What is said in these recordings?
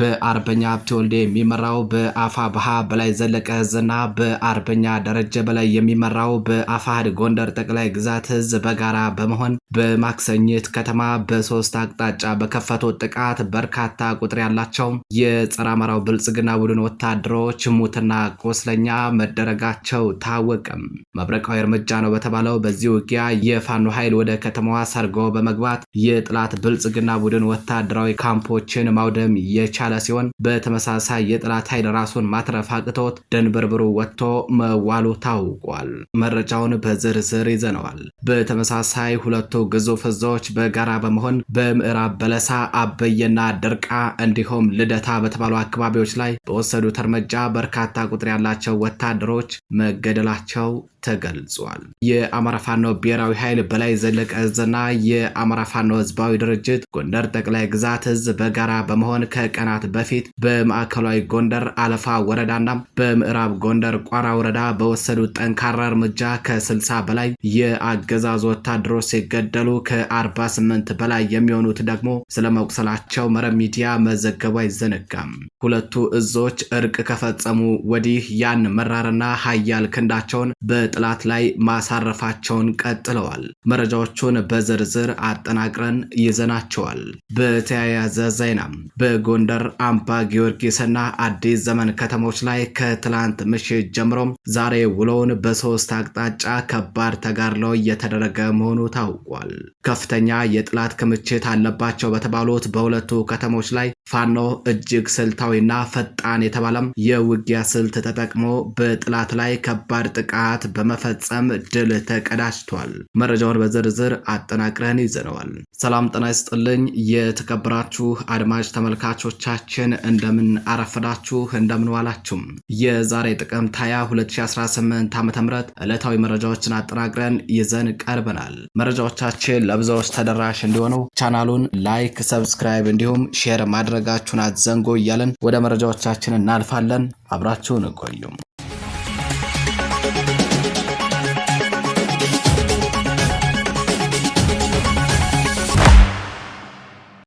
በአርበኛ ሀብቴ የሚመራው በአፋ ባሃ በላይ ዘለቀ ህዝና በአርበኛ ደረጀ በላይ የሚመራው በአፋህድ ጎንደር ጠቅላይ ግዛት ህዝ በጋራ በመሆን በማክሰኝት ከተማ በሶስት አቅጣጫ በከፈቱት ጥቃት በርካታ ቁጥር ያላቸው የጸረ አማራው ብልጽግና ቡድን ወታደሮች ሙትና ቆስለኛ መደረጋቸው ታወቀም። መብረቃዊ እርምጃ ነው በተባለው በዚህ ውጊያ የፋኖ ኃይል ወደ ከተማዋ ሰርጎ በመግባት የጥላት ብልጽግና ቡድን ወታደራዊ ካምፖችን ማውደም የቻ የቻለ ሲሆን በተመሳሳይ የጠላት ኃይል ራሱን ማትረፍ አቅቶት ደንበርብሩ ወጥቶ መዋሉ ታውቋል። መረጃውን በዝርዝር ይዘነዋል። በተመሳሳይ ሁለቱ ግዙፍ እዞች በጋራ በመሆን በምዕራብ በለሳ፣ አበየና ድርቃ እንዲሁም ልደታ በተባሉ አካባቢዎች ላይ በወሰዱት እርምጃ በርካታ ቁጥር ያላቸው ወታደሮች መገደላቸው ተገልጿል። የአማራ ፋኖ ብሔራዊ ኃይል በላይ ዘለቀ እዝና የአማራ ፋኖ ህዝባዊ ድርጅት ጎንደር ጠቅላይ ግዛት እዝ በጋራ በመሆን ከቀናት በፊት በማዕከላዊ ጎንደር አለፋ ወረዳና በምዕራብ ጎንደር ቋራ ወረዳ በወሰዱት ጠንካራ እርምጃ ከ60 በላይ የአገዛዙ ወታደሮች ሲገደሉ ከ48 በላይ የሚሆኑት ደግሞ ስለመቁሰላቸው መረብ ሚዲያ መዘገቡ አይዘነጋም። ሁለቱ እዞች እርቅ ከፈጸሙ ወዲህ ያን መራርና ሀያል ክንዳቸውን በ በጥላት ላይ ማሳረፋቸውን ቀጥለዋል። መረጃዎቹን በዝርዝር አጠናቅረን ይዘናቸዋል። በተያያዘ ዜና በጎንደር አምባ ጊዮርጊስና አዲስ ዘመን ከተሞች ላይ ከትላንት ምሽት ጀምሮ ዛሬ ውሎውን በሶስት አቅጣጫ ከባድ ተጋድሎ እየተደረገ መሆኑ ታውቋል። ከፍተኛ የጥላት ክምችት አለባቸው በተባሉት በሁለቱ ከተሞች ላይ ፋኖ እጅግ ስልታዊና ፈጣን የተባለም የውጊያ ስልት ተጠቅሞ በጥላት ላይ ከባድ ጥቃት በመፈጸም ድል ተቀዳጅቷል። መረጃውን በዝርዝር አጠናቅረን ይዘነዋል። ሰላም ጤና ይስጥልኝ። የተከበራችሁ አድማጭ ተመልካቾቻችን እንደምን አረፈዳችሁ፣ እንደምን ዋላችሁም። የዛሬ ጥቅምት 20 2018 ዓ.ም ዕለታዊ መረጃዎችን አጠናቅረን ይዘን ቀርበናል። መረጃዎቻችን ለብዙዎች ተደራሽ እንዲሆኑ ቻናሉን ላይክ፣ ሰብስክራይብ እንዲሁም ሼር ማድረግ ማድረጋችሁን አትዘንጎ እያለን ወደ መረጃዎቻችን እናልፋለን። አብራችሁን እቆዩም።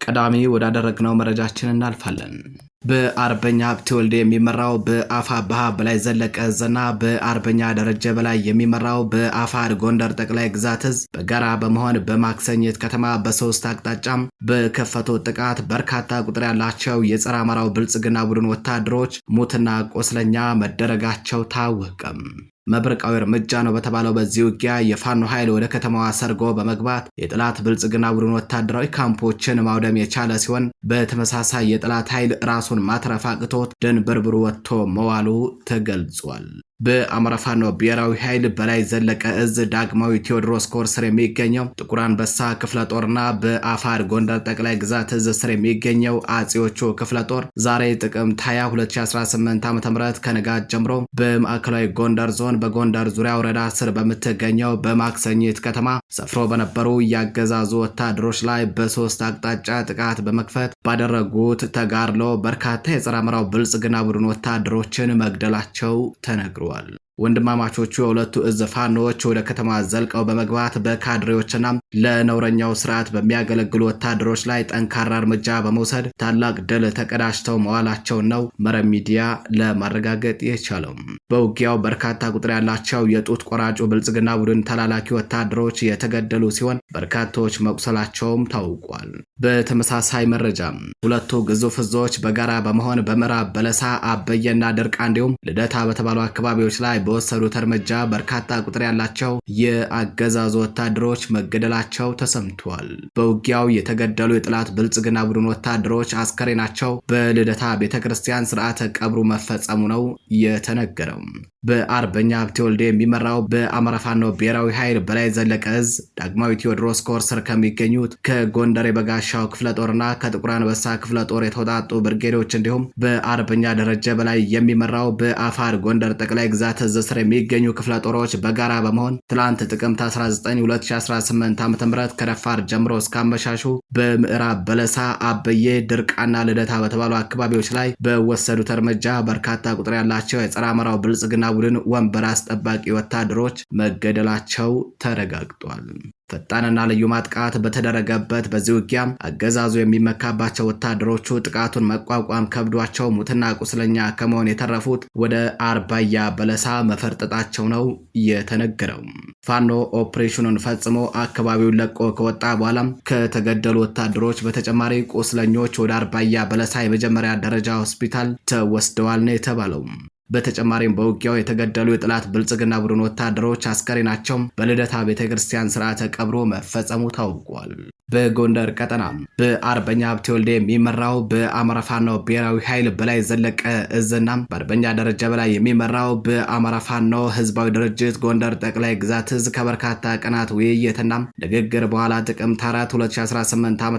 ቀዳሚ ወዳደረግነው መረጃችን እናልፋለን። በአርበኛ ሀብቴ ወልዴ የሚመራው በአፋብኃ በላይ ዘለቀ እዝና በአርበኛ ደረጀ በላይ የሚመራው በአፋር ጎንደር ጠቅላይ ግዛት እዝ በጋራ በመሆን በማክሰኝት ከተማ በሶስት አቅጣጫም በከፈቶ ጥቃት በርካታ ቁጥር ያላቸው የጸረ አማራው ብልጽግና ቡድን ወታደሮች ሙትና ቆስለኛ መደረጋቸው ታወቀም። መብረቃዊ እርምጃ ነው በተባለው በዚህ ውጊያ የፋኖ ኃይል ወደ ከተማዋ ሰርጎ በመግባት የጠላት ብልጽግና ቡድን ወታደራዊ ካምፖችን ማውደም የቻለ ሲሆን በተመሳሳይ የጠላት ኃይል ራሱን ማትረፍ አቅቶት ድንብርብሩ ወጥቶ መዋሉ ተገልጿል። በአማራ ፋኖ ብሔራዊ ኃይል በላይ ዘለቀ እዝ ዳግማዊ ቴዎድሮስ ኮር ስር የሚገኘው ጥቁር አንበሳ ክፍለ ጦርና በአፋር ጎንደር ጠቅላይ ግዛት እዝ ስር የሚገኘው አጼዎቹ ክፍለ ጦር ዛሬ ጥቅምት 20 2018 ዓ ም ከንጋት ጀምሮ በማዕከላዊ ጎንደር ዞን በጎንደር ዙሪያ ወረዳ ስር በምትገኘው በማክሰኝት ከተማ ሰፍሮ በነበሩ ያገዛዙ ወታደሮች ላይ በሶስት አቅጣጫ ጥቃት በመክፈት ባደረጉት ተጋድሎ በርካታ የጸረ አማራው ብልጽግና ቡድን ወታደሮችን መግደላቸው ተነግሯል። ተደርጓል። ወንድማማቾቹ የሁለቱ እዝ ፋኖዎች ወደ ከተማ ዘልቀው በመግባት በካድሬዎችና ለነውረኛው ስርዓት በሚያገለግሉ ወታደሮች ላይ ጠንካራ እርምጃ በመውሰድ ታላቅ ድል ተቀዳጅተው መዋላቸውን ነው መረብ ሚዲያ ለማረጋገጥ የቻለው። በውጊያው በርካታ ቁጥር ያላቸው የጡት ቆራጩ ብልጽግና ቡድን ተላላኪ ወታደሮች የተገደሉ ሲሆን በርካቶች መቁሰላቸውም ታውቋል። በተመሳሳይ መረጃ ሁለቱ ግዙፍ እዞች በጋራ በመሆን በምዕራብ በለሳ፣ አበየና ድርቃ እንዲሁም ልደታ በተባሉ አካባቢዎች ላይ በወሰዱት እርምጃ በርካታ ቁጥር ያላቸው የአገዛዙ ወታደሮች መገደላ መገደላቸው ተሰምቷል። በውጊያው የተገደሉ የጠላት ብልጽግና ቡድን ወታደሮች አስከሬናቸው በልደታ ቤተ ክርስቲያን ስርዓተ ቀብሩ መፈጸሙ ነው የተነገረው። በአርበኛ ሀብቴ ወልዴ የሚመራው በአማራ ፋኖ ብሔራዊ ኃይል በላይ ዘለቀ እዝ ዳግማዊ ቴዎድሮስ ኮር ስር ከሚገኙት ከጎንደር የበጋሻው ክፍለ ጦርና ከጥቁር አንበሳ ክፍለ ጦር የተውጣጡ ብርጌዶች እንዲሁም በአርበኛ ደረጀ በላይ የሚመራው በአፋር ጎንደር ጠቅላይ ግዛት እዝ ስር የሚገኙ ክፍለ ጦሮች በጋራ በመሆን ትላንት ጥቅምት 19 2018 ም ከረፋር ጀምሮ እስከ አመሻሹ በምዕራብ በለሳ፣ አበዬ፣ ድርቃና ልደታ በተባሉ አካባቢዎች ላይ በወሰዱት እርምጃ በርካታ ቁጥር ያላቸው የጸረ አማራው ብልጽግና ቡድን ወንበር አስጠባቂ ወታደሮች መገደላቸው ተረጋግጧል። ፈጣንና ልዩ ማጥቃት በተደረገበት በዚህ ውጊያም አገዛዙ የሚመካባቸው ወታደሮቹ ጥቃቱን መቋቋም ከብዷቸው ሙትና ቁስለኛ ከመሆን የተረፉት ወደ አርባያ በለሳ መፈርጠጣቸው ነው የተነገረው። ፋኖ ኦፕሬሽኑን ፈጽሞ አካባቢውን ለቆ ከወጣ በኋላም ከተገደሉ ወታደሮች በተጨማሪ ቁስለኞች ወደ አርባያ በለሳ የመጀመሪያ ደረጃ ሆስፒታል ተወስደዋል ነው የተባለው። በተጨማሪም በውጊያው የተገደሉ የጠላት ብልጽግና ቡድን ወታደሮች አስከሬናቸው በልደታ ቤተ ክርስቲያን ስርዓተ ቀብሮ መፈጸሙ ታውቋል። በጎንደር ቀጠና በአርበኛ ሀብቴ ወልዴ የሚመራው በአማራ ፋኖ ብሔራዊ ኃይል በላይ ዘለቀ እዝና በአርበኛ ደረጃ በላይ የሚመራው በአማራ ፋኖ ህዝባዊ ድርጅት ጎንደር ጠቅላይ ግዛት እዝ ከበርካታ ቀናት ውይይትና ንግግር በኋላ ጥቅምት 4 2018 ዓ ም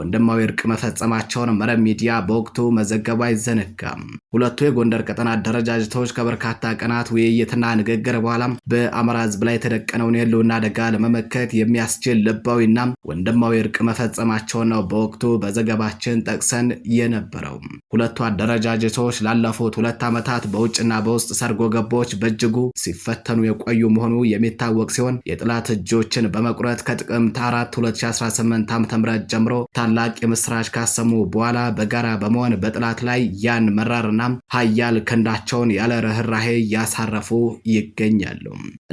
ወንድማዊ እርቅ መፈጸማቸውን መረብ ሚዲያ በወቅቱ መዘገቡ አይዘነጋም። ሁለቱ የጎንደር ቀጠና ደረጃ አደረጃጀቶች ከበርካታ ቀናት ውይይትና ንግግር በኋላ በአማራ ህዝብ ላይ የተደቀነውን የህልውና አደጋ ለመመከት የሚያስችል ልባዊና ወንድማዊ እርቅ መፈጸማቸውን ነው በወቅቱ በዘገባችን ጠቅሰን የነበረው። ሁለቱ አደረጃጀቶች ላለፉት ሁለት ዓመታት በውጭና በውስጥ ሰርጎ ገቦች በእጅጉ ሲፈተኑ የቆዩ መሆኑ የሚታወቅ ሲሆን የጥላት እጆችን በመቁረጥ ከጥቅምት 4 2018 ዓ.ም ጀምሮ ታላቅ የምስራች ካሰሙ በኋላ በጋራ በመሆን በጥላት ላይ ያን መራርና ሀያል ክንዳቸውን ህዝባቸውን ያለ ርኅራሄ እያሳረፉ ይገኛሉ።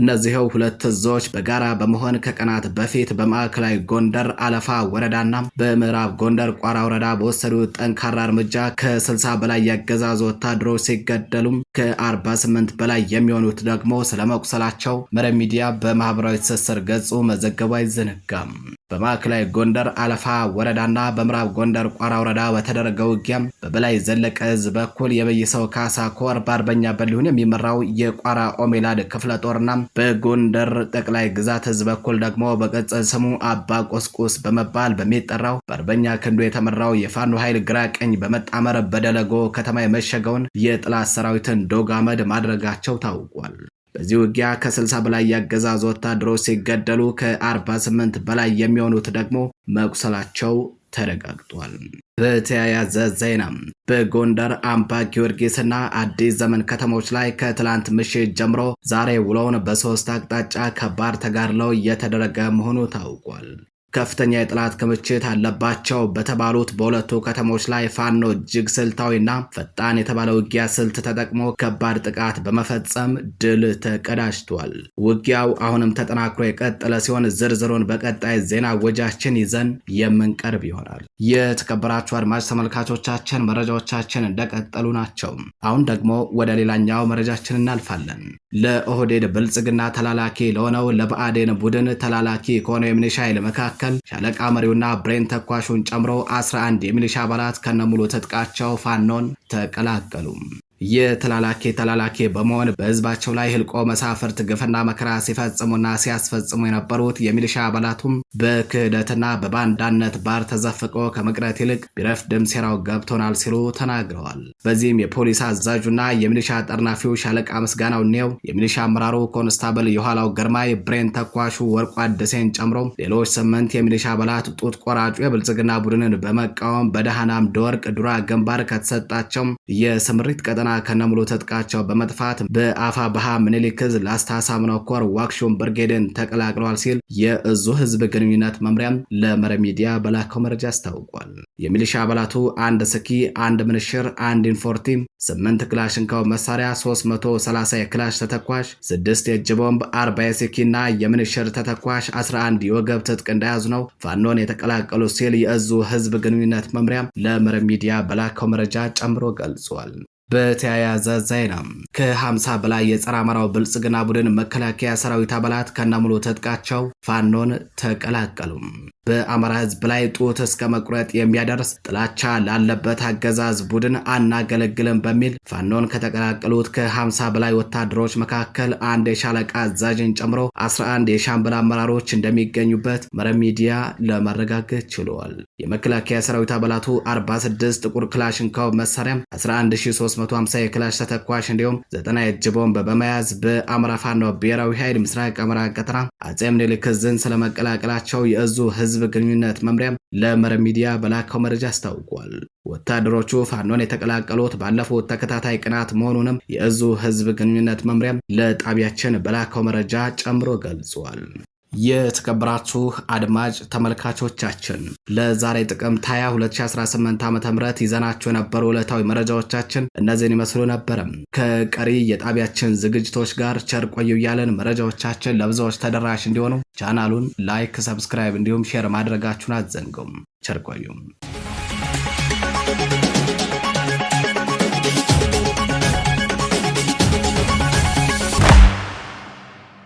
እነዚህው ሁለት እዞች በጋራ በመሆን ከቀናት በፊት በማዕከላዊ ጎንደር አለፋ ወረዳና በምዕራብ ጎንደር ቋራ ወረዳ በወሰዱት ጠንካራ እርምጃ ከ60 በላይ ያገዛዙ ወታደሮች ሲገደሉም ከ48 በላይ የሚሆኑት ደግሞ ስለመቁሰላቸው መረብ ሚዲያ በማህበራዊ ትስስር ገጹ መዘገቡ አይዘነጋም። በማዕከላዊ ጎንደር አለፋ ወረዳና በምዕራብ ጎንደር ቋራ ወረዳ በተደረገ ውጊያም በበላይ ዘለቀ እዝ በኩል የበየሰው ካሳ ኮር በአርበኛ በሊሁን የሚመራው የቋራ ኦሜላድ ክፍለ ጦርና በጎንደር ጠቅላይ ግዛት እዝ በኩል ደግሞ በቅጽል ስሙ አባ ቁስቁስ በመባል በሚጠራው በአርበኛ ክንዱ የተመራው የፋኖ ኃይል ግራ ቀኝ በመጣመር በደለጎ ከተማ የመሸገውን የጥላት ሰራዊትን ዶግ አመድ ማድረጋቸው ታውቋል። በዚህ ውጊያ ከ60 በላይ ያገዛዙ ወታደሮች ሲገደሉ ከ48 በላይ የሚሆኑት ደግሞ መቁሰላቸው ተረጋግጧል። በተያያዘ ዜና በጎንደር አምባ ጊዮርጊስና አዲስ ዘመን ከተሞች ላይ ከትላንት ምሽት ጀምሮ ዛሬ ውሎውን በሶስት አቅጣጫ ከባድ ተጋድለው እየተደረገ መሆኑ ታውቋል። ከፍተኛ የጠላት ክምችት አለባቸው በተባሉት በሁለቱ ከተሞች ላይ ፋኖ እጅግ ስልታዊና ፈጣን የተባለ ውጊያ ስልት ተጠቅሞ ከባድ ጥቃት በመፈጸም ድል ተቀዳጅቷል። ውጊያው አሁንም ተጠናክሮ የቀጠለ ሲሆን ዝርዝሩን በቀጣይ ዜና ወጃችን ይዘን የምንቀርብ ይሆናል። የተከበራችሁ አድማጭ ተመልካቾቻችን መረጃዎቻችን እንደቀጠሉ ናቸው። አሁን ደግሞ ወደ ሌላኛው መረጃችን እናልፋለን። ለኦህዴድ ብልጽግና ተላላኪ ለሆነው ለብአዴን ቡድን ተላላኪ ከሆነው የሚሊሻ መካከል መካከል ሻለቃ መሪውና ብሬን ተኳሹን ጨምሮ 11 የሚሊሻ አባላት ከነሙሉ ትጥቃቸው ፋኖን ተቀላቀሉ። የተላላኬ ተላላኬ በመሆን በህዝባቸው ላይ ህልቆ መሳፍርት ግፍና መከራ ሲፈጽሙና ሲያስፈጽሙ የነበሩት የሚሊሻ አባላቱም በክህደትና በባንዳነት ባር ተዘፍቆ ከመቅረት ይልቅ ቢረፍድም ሴራው ገብቶናል ሲሉ ተናግረዋል። በዚህም የፖሊስ አዛዡና የሚሊሻ ጠርናፊው ሻለቃ ምስጋናው ኔው፣ የሚሊሻ አመራሩ ኮንስታብል የኋላው ግርማይ፣ ብሬን ተኳሹ ወርቁ አደሴን ጨምሮ ሌሎች ስምንት የሚሊሻ አባላት ጡት ቆራጩ የብልጽግና ቡድንን በመቃወም በደሃናም ደወርቅ ዱራ ግንባር ከተሰጣቸው የስምሪት ቀጠና ከነሙሉ ትጥቃቸው በመጥፋት በአፋ ባሃ ምኒልክ ዕዝ ላስታ ሳምነው ኮር ዋክሾም ብርጌድን ተቀላቅለዋል ሲል የእዙ ህዝብ ግንኙነት መምሪያም ለመረ ሚዲያ በላከው መረጃ አስታውቋል። የሚሊሻ አባላቱ አንድ ስኪ፣ አንድ ምንሽር፣ አንድ ኢንፎርቲ፣ ስምንት ክላሽንካው መሳሪያ፣ 330 የክላሽ ተተኳሽ፣ ስድስት የእጅ ቦምብ፣ 40 የስኪ እና የምንሽር ተተኳሽ፣ 11 የወገብ ትጥቅ እንደያዙ ነው ፋኖን የተቀላቀሉ ሲል የእዙ ህዝብ ግንኙነት መምሪያም ለመረ ሚዲያ በላከው መረጃ ጨምሮ ገልጿል። ገልጸዋል። በተያያዘ ዜና ከ50 በላይ የጸረ አማራው ብልጽግና ቡድን መከላከያ ሰራዊት አባላት ከነሙሉ ትጥቃቸው ፋኖን ተቀላቀሉ። በአማራ ህዝብ ላይ ጡት እስከ መቁረጥ የሚያደርስ ጥላቻ ላለበት አገዛዝ ቡድን አናገለግልም በሚል ፋኖን ከተቀላቀሉት ከ50 በላይ ወታደሮች መካከል አንድ የሻለቃ አዛዥን ጨምሮ 11 የሻምበል አመራሮች እንደሚገኙበት መረብ ሚዲያ ለማረጋገጥ ችሏል። የመከላከያ ሰራዊት አባላቱ 46 ጥቁር ክላሽንኮቭ መሳሪያም 11300 350 የክላሽ ተተኳሽ እንዲሁም 90 የእጅ ቦምብ በመያዝ በአማራ ፋኖ ብሔራዊ ኃይል ምስራቅ አማራ ቀጠና አጼ ምኒልክ ዕዝን ስለመቀላቀላቸው የእዙ ህዝብ ግንኙነት መምሪያም ለመረብ ሚዲያ በላከው መረጃ አስታውቋል። ወታደሮቹ ፋኖን የተቀላቀሉት ባለፉት ተከታታይ ቅናት መሆኑንም የእዙ ህዝብ ግንኙነት መምሪያም ለጣቢያችን በላከው መረጃ ጨምሮ ገልጿል። የተከበራችሁ አድማጭ ተመልካቾቻችን ለዛሬ ጥቅምት 20 2018 ዓ.ም ይዘናችሁ የነበሩ ዕለታዊ መረጃዎቻችን እነዚህን ይመስሉ ነበረ። ከቀሪ የጣቢያችን ዝግጅቶች ጋር ቸር ቆዩ እያለን መረጃዎቻችን ለብዙዎች ተደራሽ እንዲሆኑ ቻናሉን ላይክ፣ ሰብስክራይብ እንዲሁም ሼር ማድረጋችሁን አትዘንጉም። ቸር ቆዩ።